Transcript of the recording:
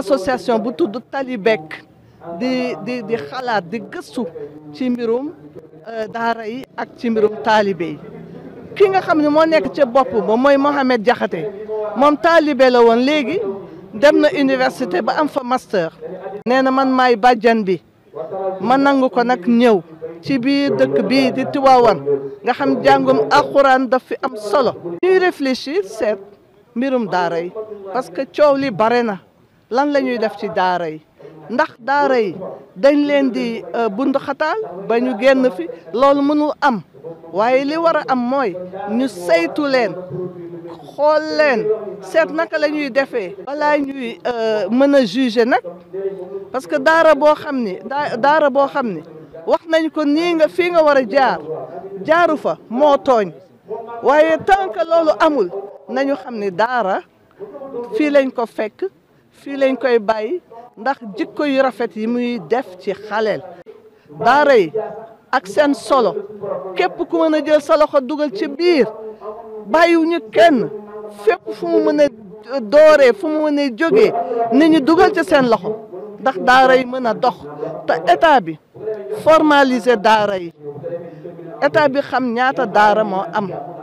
association bu tudd Talibek di di di xalaat di gëstu ci mbirum euh, daara yi ak ci mbirum taalibe ki nga xam ne moo nekk ca bopp ba mooy Mohamed Diakhaté moom taalibe la woon léegi dem na université ba am fa master nee na man maay bàjjan bi ma nangu ko nag ñëw ci biir dëkk bii di Tiwaawan nga xam jàngum alxuraan daf fi am solo ñuy réfléchir seet mbirum daara yi parce que coow li bare na lan la ñuy def ci daara yi ndax daara yi dañ leen di euh, bunduxataal ba ñu genn fi loolu mënul am waaye li war a am mooy ñu saytu leen xool leen seet naka la ñuy defee balaa ñuy euh, mën a juge nag parce que daara boo xam ni daara boo xam ni wax nañ ko nii nga fii nga war a jaar jaaru fa moo tooñ waaye tant loolu amul nañu xam ni daara fii lañ ko fekk fii lañ koy bàyyi ndax jikko yu rafet yi muy def ci xaleel daara yi ak seen solo képp ku mën a jël sa loxo dugal ci biir bàyyiwuñu kenn fépp fu mu mën a dooree fu mu mën a jógee nit ñi dugal ci seen loxo ndax daara yi mën a dox te état bi formaliser daara yi état bi xam ñaata daara moo am